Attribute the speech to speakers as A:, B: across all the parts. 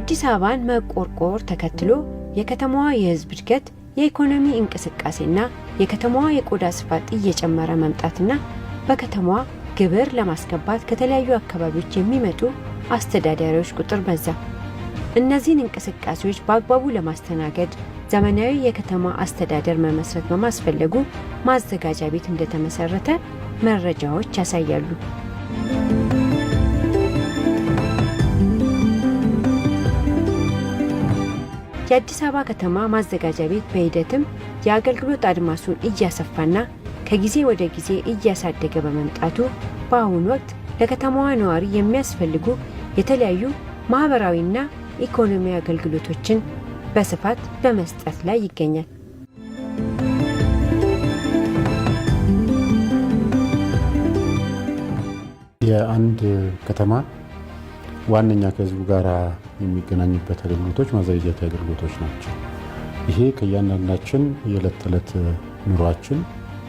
A: የአዲስ አበባን መቆርቆር ተከትሎ የከተማዋ የህዝብ እድገት፣ የኢኮኖሚ እንቅስቃሴና የከተማዋ የቆዳ ስፋት እየጨመረ መምጣትና በከተማዋ ግብር ለማስገባት ከተለያዩ አካባቢዎች የሚመጡ አስተዳዳሪዎች ቁጥር በዛ። እነዚህን እንቅስቃሴዎች በአግባቡ ለማስተናገድ ዘመናዊ የከተማ አስተዳደር መመስረት በማስፈለጉ ማዘጋጃ ቤት እንደተመሰረተ መረጃዎች ያሳያሉ። የአዲስ አበባ ከተማ ማዘጋጃ ቤት በሂደትም የአገልግሎት አድማሱን እያሰፋና ከጊዜ ወደ ጊዜ እያሳደገ በመምጣቱ በአሁኑ ወቅት ለከተማዋ ነዋሪ የሚያስፈልጉ የተለያዩ ማኅበራዊና ኢኮኖሚ አገልግሎቶችን በስፋት በመስጠት ላይ ይገኛል።
B: የአንድ ከተማ ዋነኛ ከህዝቡ ጋር የሚገናኝበት አገልግሎቶች ማዘጋጃት አገልግሎቶች ናቸው። ይሄ ከእያንዳንዳችን የዕለት ተዕለት ኑሯችን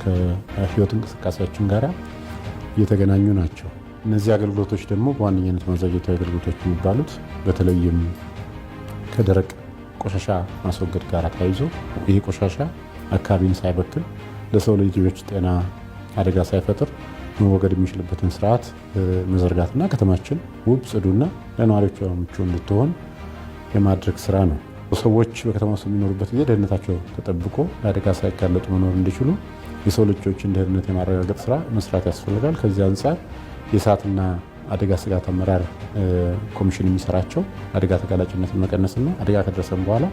B: ከህይወት እንቅስቃሴያችን ጋር እየተገናኙ ናቸው። እነዚህ አገልግሎቶች ደግሞ በዋነኛነት ማዘጋጃት አገልግሎቶች የሚባሉት በተለይም ከደረቅ ቆሻሻ ማስወገድ ጋር ተያይዞ ይህ ቆሻሻ አካባቢን ሳይበክል ለሰው ልጆች ጤና አደጋ ሳይፈጥር መወገድ የሚችልበትን ስርዓት መዘርጋትና ከተማችን ውብ ጽዱና ለነዋሪዎቿ ምቹ እንድትሆን የማድረግ ስራ ነው። ሰዎች በከተማ ውስጥ የሚኖሩበት ጊዜ ደህንነታቸው ተጠብቆ ለአደጋ ሳይጋለጡ መኖር እንዲችሉ የሰው ልጆችን ደህንነት የማረጋገጥ ስራ መስራት ያስፈልጋል። ከዚህ አንጻር የእሳትና አደጋ ስጋት አመራር ኮሚሽን የሚሰራቸው አደጋ ተጋላጭነትን መቀነስና አደጋ ከደረሰም በኋላ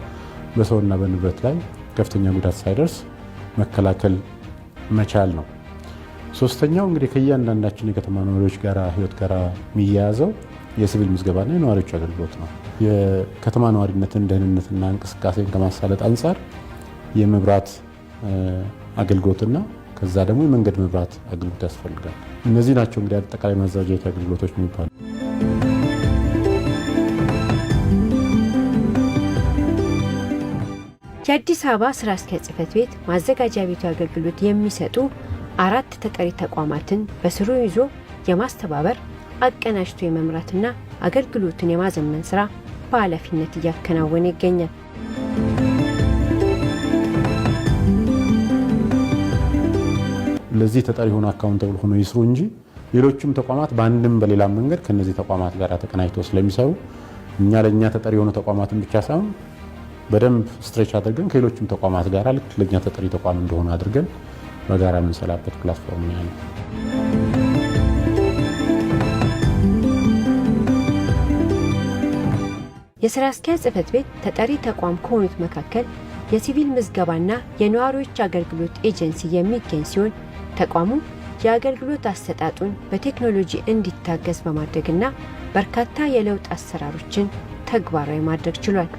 B: በሰውና በንብረት ላይ ከፍተኛ ጉዳት ሳይደርስ መከላከል መቻል ነው። ሶስተኛው እንግዲህ ከእያንዳንዳችን የከተማ ነዋሪዎች ጋር ህይወት ጋር የሚያያዘው የሲቪል ምዝገባና የነዋሪዎች አገልግሎት ነው። የከተማ ነዋሪነትን ደህንነትና እንቅስቃሴን ከማሳለጥ አንጻር የመብራት አገልግሎትና ከዛ ደግሞ የመንገድ መብራት አገልግሎት ያስፈልጋል። እነዚህ ናቸው እንግዲህ አጠቃላይ ማዘጋጃት አገልግሎቶች የሚባሉ።
A: የአዲስ አበባ ስራ አስኪያጅ ጽህፈት ቤት ማዘጋጃ ቤቱ አገልግሎት የሚሰጡ አራት ተጠሪ ተቋማትን በስሩ ይዞ የማስተባበር አቀናጅቶ የመምራትና አገልግሎትን የማዘመን ስራ በኃላፊነት እያከናወነ ይገኛል።
B: ለዚህ ተጠሪ ሆኖ አካውንተብል ሆኖ ይስሩ እንጂ ሌሎችም ተቋማት በአንድም በሌላም መንገድ ከነዚህ ተቋማት ጋር ተቀናጅተው ስለሚሰሩ እኛ ለእኛ ተጠሪ የሆኑ ተቋማትን ብቻ ሳይሆን በደንብ ስትሬች አድርገን ከሌሎችም ተቋማት ጋር ልክ ለእኛ ተጠሪ ተቋም እንደሆነ አድርገን በጋራ የምንሰራበት ፕላትፎርም ነው ያለው።
A: የስራ አስኪያጅ ጽህፈት ቤት ተጠሪ ተቋም ከሆኑት መካከል የሲቪል ምዝገባና የነዋሪዎች አገልግሎት ኤጀንሲ የሚገኝ ሲሆን ተቋሙ የአገልግሎት አሰጣጡን በቴክኖሎጂ እንዲታገዝ በማድረግና በርካታ የለውጥ አሰራሮችን ተግባራዊ ማድረግ ችሏል።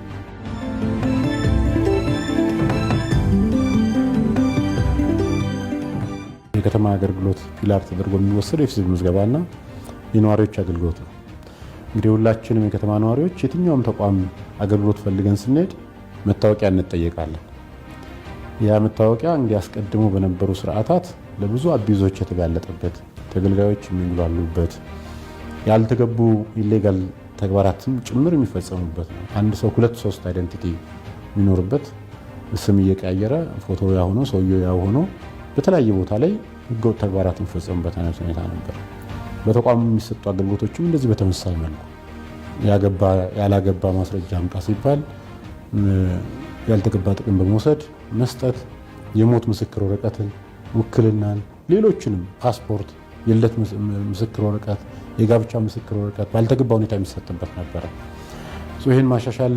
B: የከተማ አገልግሎት ፒላር ተደርጎ የሚወሰደው የህዝብ ምዝገባና የነዋሪዎች አገልግሎት ነው። እንግዲህ ሁላችንም የከተማ ነዋሪዎች የትኛውም ተቋም አገልግሎት ፈልገን ስንሄድ መታወቂያ እንጠየቃለን። ያ መታወቂያ እንግዲህ አስቀድሞ በነበሩ ስርዓታት ለብዙ አቢዞች የተጋለጠበት ተገልጋዮች የሚንጉላሉበት ያልተገቡ ኢሌጋል ተግባራትም ጭምር የሚፈጸሙበት ነው። አንድ ሰው ሁለት ሶስት አይደንቲቲ የሚኖርበት ስም እየቀያየረ ፎቶ ያሆነ ሰውየ ያሆነ በተለያየ ቦታ ላይ ህገወጥ ተግባራት የሚፈጸሙበት አይነት ሁኔታ ነበር። በተቋሙ የሚሰጡ አገልግሎቶችም እንደዚህ በተመሳሳይ መልኩ ያላገባ ማስረጃ አምጣ ሲባል ያልተገባ ጥቅም በመውሰድ መስጠት፣ የሞት ምስክር ወረቀትን፣ ውክልናን፣ ሌሎችንም ፓስፖርት፣ የልደት ምስክር ወረቀት፣ የጋብቻ ምስክር ወረቀት ባልተገባ ሁኔታ የሚሰጥበት ነበረ። ይህን ማሻሻል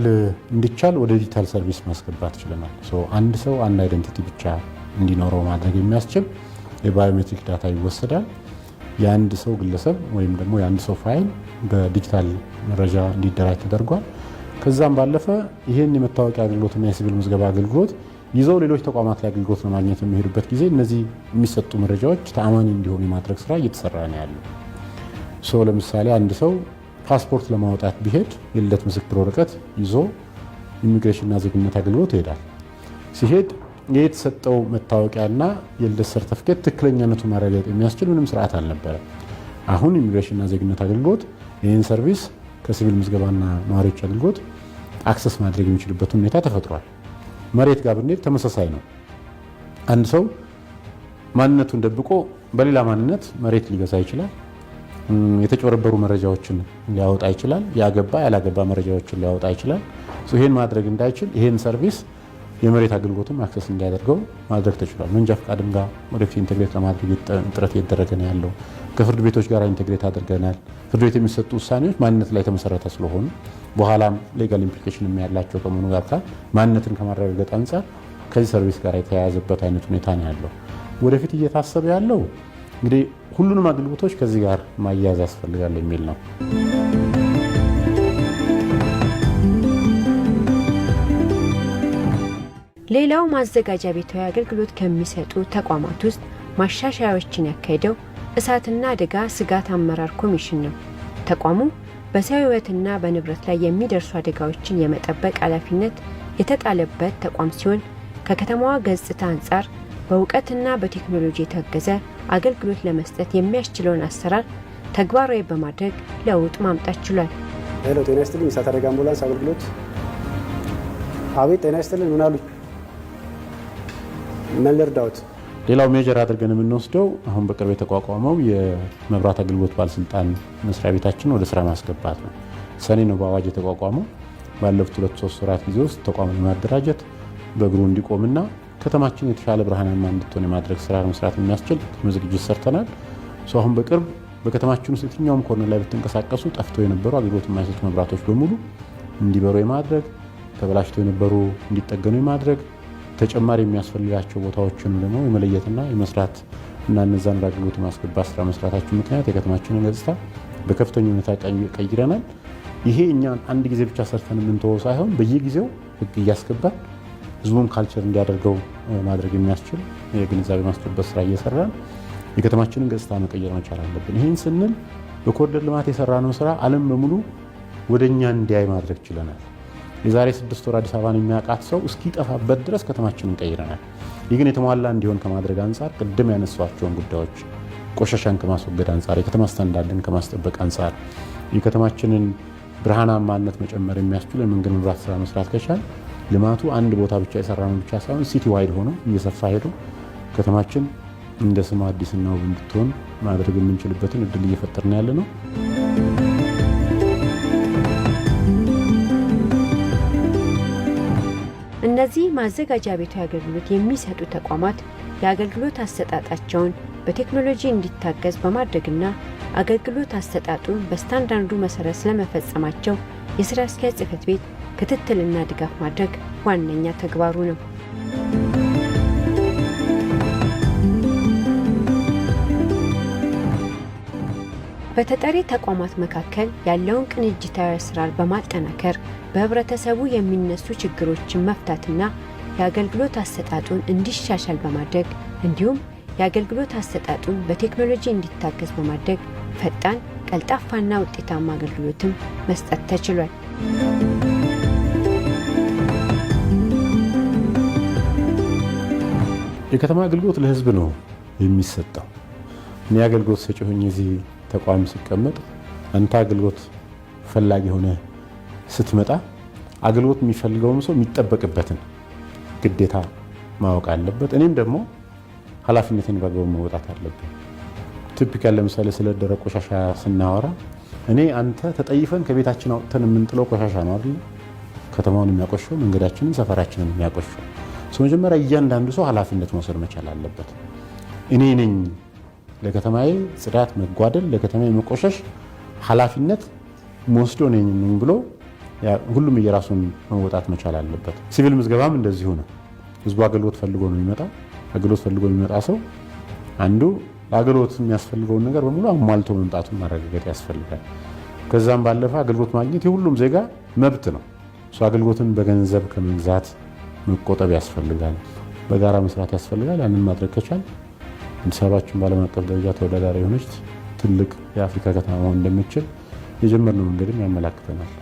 B: እንዲቻል ወደ ዲጂታል ሰርቪስ ማስገባት ችለናል። አንድ ሰው አንድ አይደንቲቲ ብቻ እንዲኖረው ማድረግ የሚያስችል የባዮሜትሪክ ዳታ ይወሰዳል። የአንድ ሰው ግለሰብ ወይም ደግሞ የአንድ ሰው ፋይል በዲጂታል መረጃ እንዲደራጅ ተደርጓል። ከዛም ባለፈ ይህን የመታወቂያ አገልግሎትና የሲቪል ምዝገባ አገልግሎት ይዘው ሌሎች ተቋማት ላይ አገልግሎት ለማግኘት በሚሄዱበት ጊዜ እነዚህ የሚሰጡ መረጃዎች ተአማኒ እንዲሆኑ የማድረግ ስራ እየተሰራ ነው ያለው። ሶ ለምሳሌ አንድ ሰው ፓስፖርት ለማውጣት ቢሄድ የልደት ምስክር ወረቀት ይዞ ኢሚግሬሽንና ዜግነት አገልግሎት ይሄዳል። ሲሄድ የተሰጠው መታወቂያና የልደት ሰርተፍኬት ትክክለኛነቱ ማረጋገጥ የሚያስችል ምንም ስርዓት አልነበረ። አሁን ኢሚግሬሽንና ዜግነት አገልግሎት ይህን ሰርቪስ ከሲቪል ምዝገባና ነዋሪዎች አገልግሎት አክሰስ ማድረግ የሚችልበት ሁኔታ ተፈጥሯል። መሬት ጋር ብንሄድ ተመሳሳይ ነው። አንድ ሰው ማንነቱን ደብቆ በሌላ ማንነት መሬት ሊገዛ ይችላል። የተጨረበሩ መረጃዎችን ሊያወጣ ይችላል። ያገባ ያላገባ መረጃዎችን ሊያወጣ ይችላል። ይህን ማድረግ እንዳይችል ይህን ሰርቪስ የመሬት አገልግሎትም አክሰስ እንዲያደርገው ማድረግ ተችሏል። መንጃ ፈቃድም ጋር ወደፊት ኢንቴግሬት ለማድረግ ጥረት እየተደረገ ነው ያለው። ከፍርድ ቤቶች ጋር ኢንቴግሬት አድርገናል። ፍርድ ቤት የሚሰጡ ውሳኔዎች ማንነት ላይ የተመሰረተ ስለሆኑ በኋላም ሌጋል ኢምፕሊኬሽን ያላቸው ከመሆኑ ጋር ማንነትን ከማረጋገጥ አንጻር ከዚህ ሰርቪስ ጋር የተያያዘበት አይነት ሁኔታ ነው ያለው። ወደፊት እየታሰበ ያለው እንግዲህ ሁሉንም አገልግሎቶች ከዚህ ጋር ማያያዝ ያስፈልጋል የሚል ነው።
A: ሌላው ማዘጋጃ ቤታዊ አገልግሎት ከሚሰጡ ተቋማት ውስጥ ማሻሻያዎችን ያካሄደው እሳትና አደጋ ስጋት አመራር ኮሚሽን ነው። ተቋሙ በሰው ሕይወትና በንብረት ላይ የሚደርሱ አደጋዎችን የመጠበቅ ኃላፊነት የተጣለበት ተቋም ሲሆን ከከተማዋ ገጽታ አንጻር በእውቀትና በቴክኖሎጂ የታገዘ አገልግሎት ለመስጠት የሚያስችለውን አሰራር ተግባራዊ በማድረግ ለውጥ ማምጣት ችሏል።
B: ጤና ይስጥልኝ። እሳት አደጋ አምቡላንስ አገልግሎት። አቤት ጤና ይስጥልኝ። ምን አሉኝ? መለርዳውት ሌላው ሜጀር አድርገን የምንወስደው አሁን በቅርብ የተቋቋመው የመብራት አገልግሎት ባለስልጣን መስሪያ ቤታችን ወደ ስራ ማስገባት ነው። ሰኔ ነው በአዋጅ የተቋቋመው። ባለፉት ሁለት ሶስት ወራት ጊዜ ውስጥ ተቋሙን ማደራጀት በእግሩ እንዲቆምና ከተማችን የተሻለ ብርሃናማ እንድትሆን የማድረግ ስራ መስራት የሚያስችል ዝግጅት ሰርተናል። አሁን በቅርብ በከተማችን ውስጥ የትኛውም ኮርነር ላይ ብትንቀሳቀሱ ጠፍተው የነበሩ አገልግሎት የማይሰጡ መብራቶች በሙሉ እንዲበሩ የማድረግ ተበላሽተው የነበሩ እንዲጠገኑ የማድረግ ተጨማሪ የሚያስፈልጋቸው ቦታዎችን ደግሞ የመለየትና የመስራት እና እነዛን በአገልግሎት የማስገባት ስራ መስራታችን ምክንያት የከተማችንን ገጽታ በከፍተኛ ሁኔታ ቀይረናል። ይሄ እኛ አንድ ጊዜ ብቻ ሰርተን የምንተወው ሳይሆን በየጊዜው ህግ እያስገባል ህዝቡም ካልቸር እንዲያደርገው ማድረግ የሚያስችል የግንዛቤ ማስጨበጥ ስራ እየሰራን የከተማችንን ገጽታ መቀየር መቻል አለብን። ይህን ስንል በኮሪደር ልማት የሰራነው ስራ ዓለም በሙሉ ወደ እኛ እንዲያይ ማድረግ ችለናል። የዛሬ ስድስት ወር አዲስ አበባን የሚያውቃት ሰው እስኪጠፋበት ድረስ ከተማችንን ቀይረናል። ይህ ግን የተሟላ እንዲሆን ከማድረግ አንጻር ቅድም ያነሷቸውን ጉዳዮች ቆሻሻን ከማስወገድ አንጻር፣ የከተማ ስታንዳርድን ከማስጠበቅ አንጻር የከተማችንን ብርሃናማነት መጨመር የሚያስችል የመንገድ መብራት ስራ መስራት ከቻል ልማቱ አንድ ቦታ ብቻ ነው ብቻ ሳይሆን ሲቲ ዋይድ ሆኖ እየሰፋ ሄዶ ከተማችን እንደ ስሙ አዲስና ውብ እንድትሆን ማድረግ የምንችልበትን እድል እየፈጠርን ያለ ነው።
A: ስለዚህ ማዘጋጃ ቤቱ አገልግሎት የሚሰጡ ተቋማት የአገልግሎት አሰጣጣቸውን በቴክኖሎጂ እንዲታገዝ በማድረግና አገልግሎት አሰጣጡን በስታንዳርዱ መሰረት ስለመፈጸማቸው የስራ አስኪያጅ ጽህፈት ቤት ክትትልና ድጋፍ ማድረግ ዋነኛ ተግባሩ ነው። በተጠሪ ተቋማት መካከል ያለውን ቅንጅታዊ አሰራር በማጠናከር በህብረተሰቡ የሚነሱ ችግሮችን መፍታትና የአገልግሎት አሰጣጡን እንዲሻሻል በማድረግ እንዲሁም የአገልግሎት አሰጣጡን በቴክኖሎጂ እንዲታገዝ በማድረግ ፈጣን፣ ቀልጣፋና ውጤታማ አገልግሎትም መስጠት ተችሏል።
B: የከተማ አገልግሎት ለህዝብ ነው የሚሰጠው። እኔ አገልግሎት ሰጪ ሆኜ እዚህ ተቋም ሲቀመጥ አንተ አገልግሎት ፈላጊ የሆነ ስትመጣ አገልግሎት የሚፈልገውም ሰው የሚጠበቅበትን ግዴታ ማወቅ አለበት። እኔም ደግሞ ኃላፊነትን በአግባቡ መወጣት አለብን። ቲፒካል ለምሳሌ ስለ ደረቅ ቆሻሻ ስናወራ እኔ አንተ ተጠይፈን ከቤታችን አውጥተን የምንጥለው ቆሻሻ ነው አይደል? ከተማውን የሚያቆሸው መንገዳችንን፣ ሰፈራችንን የሚያቆሸው መጀመሪያ እያንዳንዱ ሰው ኃላፊነት መውሰድ መቻል አለበት። እኔ ነኝ ለከተማዬ ጽዳት መጓደል፣ ለከተማዬ መቆሸሽ ኃላፊነት መወስዶ ነኝ ብሎ ሁሉም እየራሱን መወጣት መቻል አለበት። ሲቪል ምዝገባም እንደዚሁ ነው። ህዝቡ አገልግሎት ፈልጎ ነው የሚመጣ። አገልግሎት ፈልጎ የሚመጣ ሰው አንዱ አገልግሎት የሚያስፈልገውን ነገር በሙሉ አሟልቶ መምጣቱን ማረጋገጥ ያስፈልጋል። ከዛም ባለፈ አገልግሎት ማግኘት የሁሉም ዜጋ መብት ነው። እሱ አገልግሎትን በገንዘብ ከመግዛት መቆጠብ ያስፈልጋል። በጋራ መስራት ያስፈልጋል። ያንን ማድረግ ከቻል አዲስ አበባችን በዓለም አቀፍ ደረጃ ተወዳዳሪ የሆነች ትልቅ የአፍሪካ ከተማ መሆን እንደምትችል የጀመርነው መንገድም ያመላክተናል።